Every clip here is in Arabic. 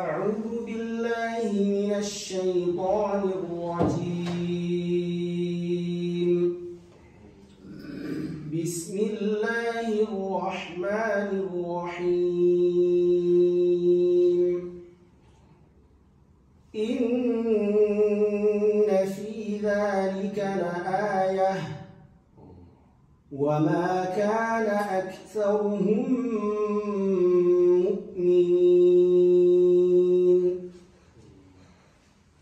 أعوذ بالله من الشيطان الرجيم بسم الله الرحمن الرحيم إن في ذلك لآية وما كان أكثرهم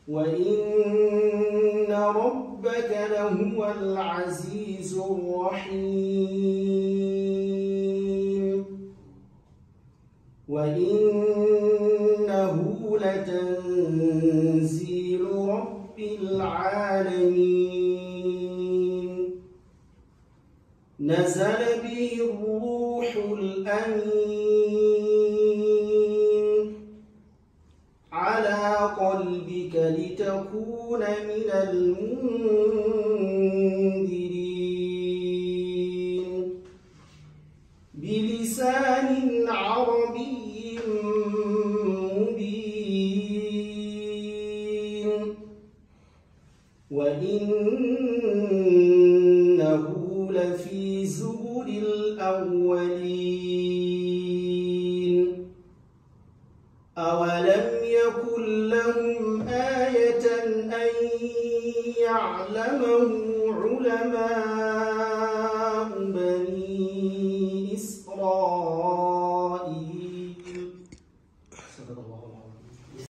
وإن ربك لهو العزيز الرحيم وإنه لتنزيل رب العالمين نزل به الروح الأمين ربك لتكون من المنذرين بلسان عربي مبين وإنه لفي زبر الأولين أولم يكن لهم آية أن يعلمه علماء